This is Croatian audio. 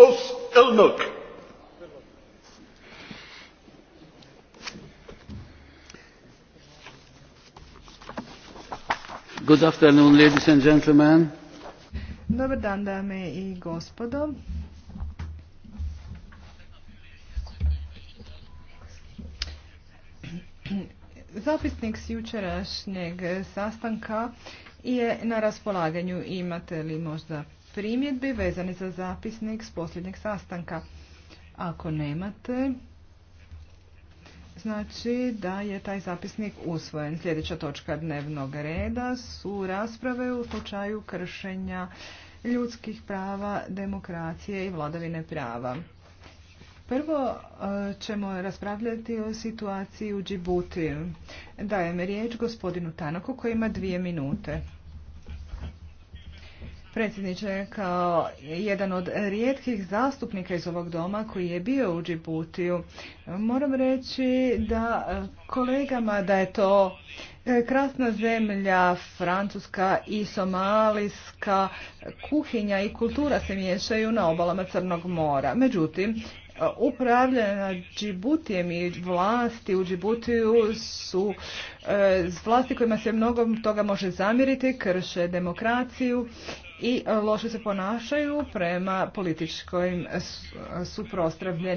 Os elnök! Good afternoon, ladies and gentlemen. Dobar dan, dame i gospodo. Zapisnik s jučerašnjeg sastanka je na raspolaganju. Imate li možda primjedbi vezani za zapisnik s posljednjeg sastanka? Ako nemate, znači da je taj zapisnik usvojen. Sljedeća točka dnevnog reda su rasprave u slučaju kršenja ljudskih prava, demokracije i vladavine prava. Prvo e, ćemo raspravljati o situaciji u Džibuti. Dajem riječ gospodinu Tanaku koji ima dvije minute predsjedniče, kao jedan od rijetkih zastupnika iz ovog doma koji je bio u Džibutiju, moram reći da kolegama da je to e, krasna zemlja, francuska i somalijska kuhinja i kultura se miješaju na obalama Crnog mora. Međutim, upravljena Džibutijem i vlasti u Džibutiju su e, vlasti kojima se mnogo toga može zamjeriti, krše demokraciju i loše se ponašaju prema političkoj suprotstavljenim